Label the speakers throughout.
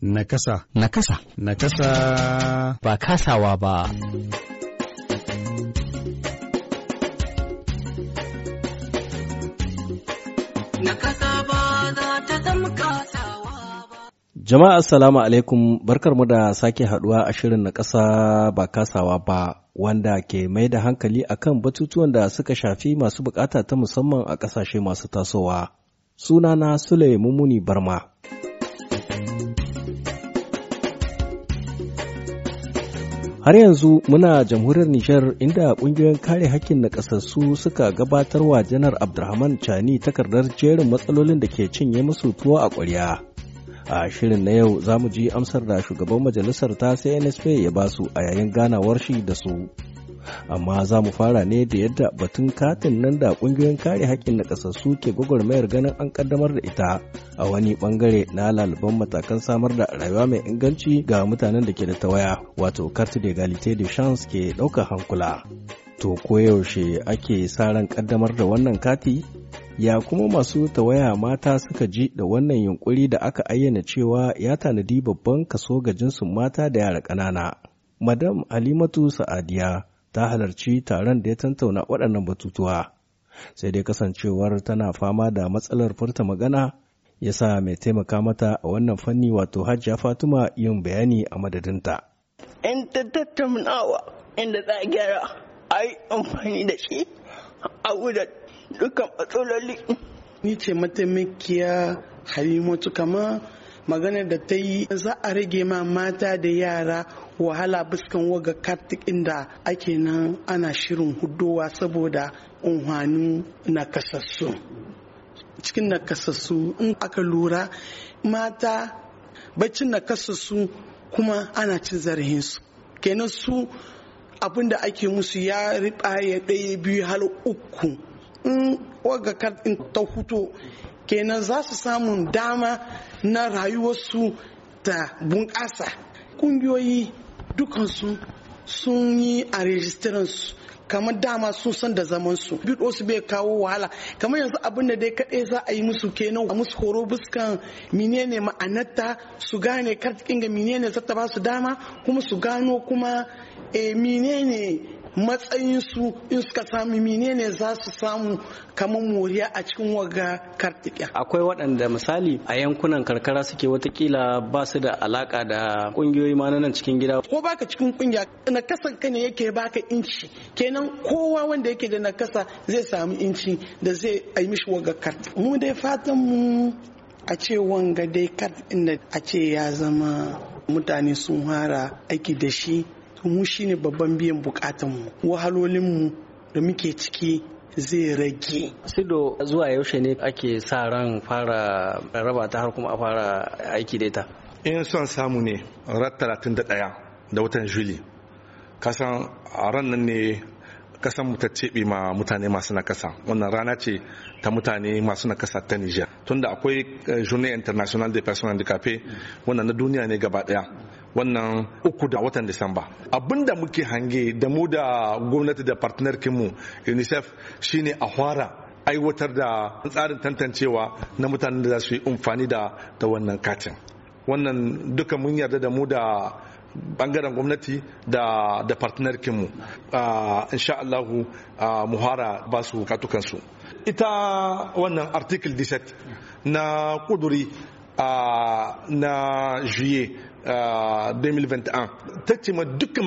Speaker 1: Nakasa. Nakasa. Nakasa. Ba kasawa ba. ba za
Speaker 2: ta zama kasawa
Speaker 1: ba. Jama'a assalamu alaikum barkarmu da sake haduwa a shirin na ƙasa ba kasawa ba wanda ke mai da hankali akan batutuwan da suka shafi masu bukata ta musamman a ƙasashe masu tasowa. Sunana Sule Mumuni Barma. Har yanzu muna jamhuriyar Nishar inda kungiyoyin kare hakkin na kasassu suka gabatar wa janar Abdurrahman Chani takardar jerin matsalolin da ke cinye musu tuwo a kwarya A shirin na yau za mu ji amsar da shugaban majalisar ta CNSP ya basu a yayin ganawar shi da su. amma za mu fara ne da yadda batun katin nan da kungiyoyin kare haƙƙin na ƙasassu ke gwagwarmayar ganin an kaddamar da ita a wani bangare na laliban matakan samar da rayuwa mai inganci ga mutanen da ke da tawaya wato carte d'égalité de chance ke ɗaukar hankula to koyaushe ake sa ran kaddamar da wannan kati ya kuma masu tawaya mata suka ji da wannan yunkuri da aka ayyana cewa ya tanadi babban kaso ga jinsin mata da yara ƙanana madam alimatu sa'adiya ta halarci taron da ya tantauna waɗannan batutuwa sai dai kasancewar tana fama da matsalar furta magana ya sa mai taimaka mata a wannan fanni wato hajja Fatima yin bayani a madadinta in ta tattaunawa inda za
Speaker 2: a gyara a amfani da shi a dukkan matsaloli
Speaker 3: ni ce mataimakiya halimatu kama maganar da ta yi za a rage ma mata da yara wahala buskan waga kartik inda ake nan ana shirin hudowa saboda unhanu na cikin na in aka lura mata baccin na kuma ana cin zarahinsu kenan su abin da ake musu ya riɓa ya ɗaya biyu hal uku in waga kartin ta huto kenan za su samun dama na rayuwarsu ta bunƙasa ƙungiyoyi dukansu sun yi a rejistiransu kamar dama sun san da zaman su bido su bai kawo wahala kamar yanzu abin da dai kaɗai za a yi musu kenan a musu horo buskan menene ma'anarta su gane kar mine menene zata ba su dama kuma su gano kuma e menene Matsayin su in suka sami menene za su samu kamar moriya a cikin waga kartika
Speaker 1: akwai waɗanda misali a yankunan karkara suke watakila ba su
Speaker 3: da alaka da ƙungiyoyi ma nan cikin gida ko baka cikin ƙungiya nakasan ka ne yake baka inci kenan kowa wanda yake da nakasa zai samu inci da zai yi mishi waga kart mu dai fatan mu a ce wanga dai kart inda a ce ya zama mutane sun hara aiki da shi mu shine babban biyan wahalolin mu da muke ciki zai
Speaker 1: rage. Sido zuwa yaushe ne ake sa ran fara raba ta har kuma a fara aiki da ita? In
Speaker 4: son samu ne ran talatin da watan Juli. Kasan ran nan ne kasan mu ta ma mutane masu nakasa. Wannan rana ce ta mutane masu nakasa ta Nijar. tunda akwai eh, journée international des personnes handicapées wannan na duniya ne gaba daya wannan uku da watan disamba abinda muke hange da mu da gwamnati da partner kinmu unicef shine a fara aiwatar da tsarin tantancewa na mutanen da za su yi amfani da da wannan katin wannan duka mun yarda da mu da bangaren gwamnati da da partner kinmu ah, insha Allahu ah, muhara ba su katukansu ita wannan article 17 na kuduri na juye 2021 ta ce ma dukkan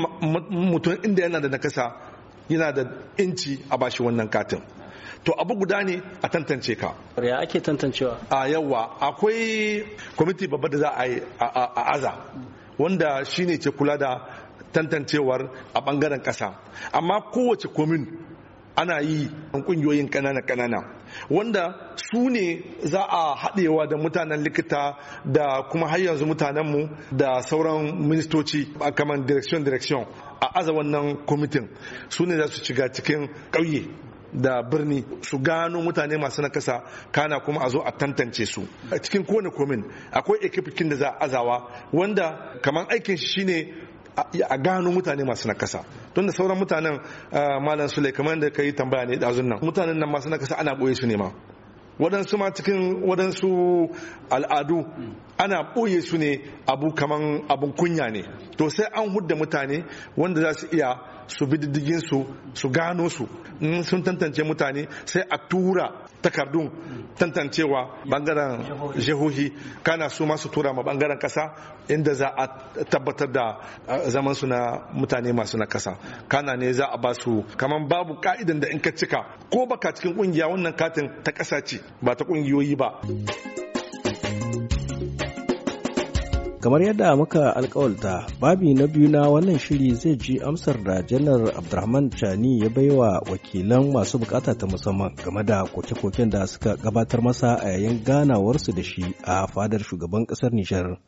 Speaker 4: mutum inda yana da nakasa yana da inci a bashi wannan katin to abu guda ne a tantance ka ya ake tantancewa a yawa akwai kwamiti babba da za a yi a aza wanda shine ke kula da tantancewar a bangaren kasa amma kowace komin ana yi kungiyoyin kanana kanana wanda su ne za a haɗewa da mutanen likita da kuma har yanzu mutanenmu da sauran ministoci a kaman direction direction a aza wannan kwamitin su ne za su shiga cikin ƙauye da birni su gano mutane masu nakasa kana kuma a zo a tantance su a cikin kowane komin akwai ekipikin da za a azawa wanda kamar aikin shi shine a gano mutane masu nakasa don da sauran mutanen malam sule kamar da ka yi tambaya ne ɗazun nan mutanen nan masu nakasa ana ɓoye su ne ma waɗansu ma cikin waɗansu al'adu ana ɓoye su ne abu kaman abun kunya ne to sai an hudda mutane wanda za su iya su bi su su gano su in sun tantance mutane sai a tura takardun tantancewa bangaren jihohi kana su masu tura ma bangaren kasa inda za a tabbatar da zaman su na mutane masu na kasa kana ne za a ba su kamar babu ka'idan da in ka cika ko baka cikin kungiya wannan katin ta kasa ce ba ta kungiyoyi ba
Speaker 1: kamar yadda muka alkawalta babi na biyu na wannan shiri zai ji amsar da janar abdurrahman chani ya bai wa wakilan masu bukata ta musamman game da koke-koken da suka gabatar masa a yayin ganawarsu da shi a fadar shugaban kasar nishar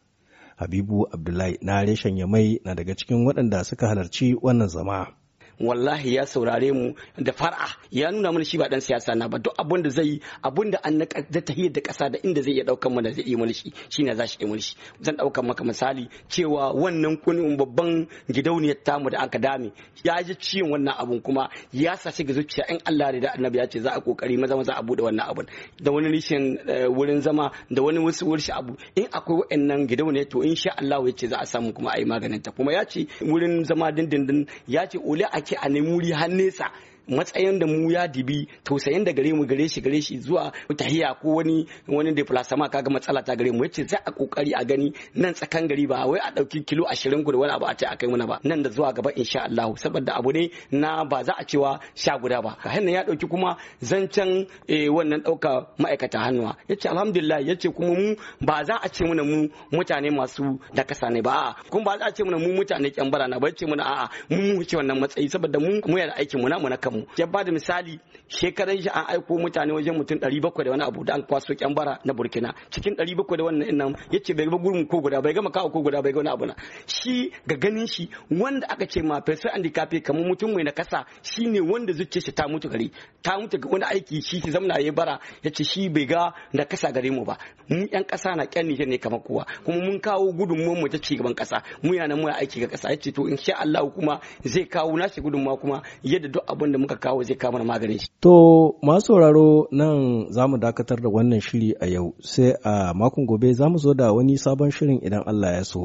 Speaker 1: habibu abdullahi na reshen yamai na daga cikin waɗanda suka halarci wannan zama
Speaker 2: wallahi ya saurare mu da far'a ya nuna mana shi ba dan siyasa na ba duk abin da zai yi abin da an da tahiyar da kasa da inda zai iya daukan mana zai yi mana shi shine za shi yi mana zan daukan maka misali cewa wannan kunin babban gidauniyar tamu da aka dame ya ji ciyin wannan abun kuma ya sace ga zuciya in Allah da annabi ya ce za a kokari maza maza a bude wannan abun da wani rishin eh, wurin zama da wani wasu wurshi abu in akwai wa'annan gidauniyar to insha Allah ya ce za a samu kuma a yi maganin ta kuma ya ce wurin zama dindindin ya ce ole a ake a nemi wuri har nesa matsayin da mu ya dibi tausayin da gare mu gare shi gare shi zuwa tahiya ko wani wani da plasma kaga matsala ta gare mu yace za a kokari a gani nan tsakan gari ba wai a dauki kilo 20 ku da wani abu a ce a kai mana ba nan da zuwa gaba insha Allah saboda abu ne na ba za a cewa sha guda ba hannun ya dauki kuma zancen eh, wannan dauka ma'aikata hannuwa yace alhamdulillah yace kuma mu ba za a ce muna mu mutane masu da kasa ne ba kuma ba za a ce muna mu mutane kyan bara na ba yace mana a'a mu mu ce wannan matsayi saboda mu mu yana aikin mu na kanmu ya ba da misali shekaran shi an aiko mutane wajen mutum 700 da wani abu da an kwaso kyan bara na burkina cikin 700 da wannan nan yace bai ga gurbin ko guda bai ga makawa ko guda bai ga wani abu na shi ga ganin shi wanda aka ce ma fesa andikafe kamar mutum mai na kasa shine wanda zuciyar shi ta mutu gari ta mutu ga wani aiki shi ki zamna yayi bara yace shi bai ga na kasa gare mu ba mu yan kasa na kyan ne kamar kowa kuma mun kawo gudunmuwan mu ta ci gaban kasa mu yana mu aiki ga kasa yace to insha Allah kuma zai kawo nashi gudunmuwa kuma yadda duk abin da muka kawo zai kama maganin shi.
Speaker 1: To masu sauraro nan za mu dakatar da wannan shiri a yau sai a makon gobe za mu zo da wani sabon shirin idan Allah ya so.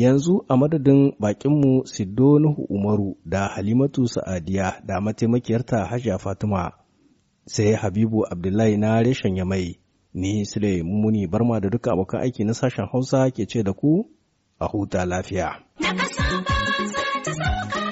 Speaker 1: Yanzu a madadin bakinmu Sido Nuhu Umaru da Halimatu Sa'adiya da mataimakiyarta Hajiya Fatima sai Habibu Abdullahi na reshen Yamai ni Sule Mumuni Barma da duka abokan aiki na sashen Hausa ke ce da ku a huta lafiya.
Speaker 3: Na ta sauka.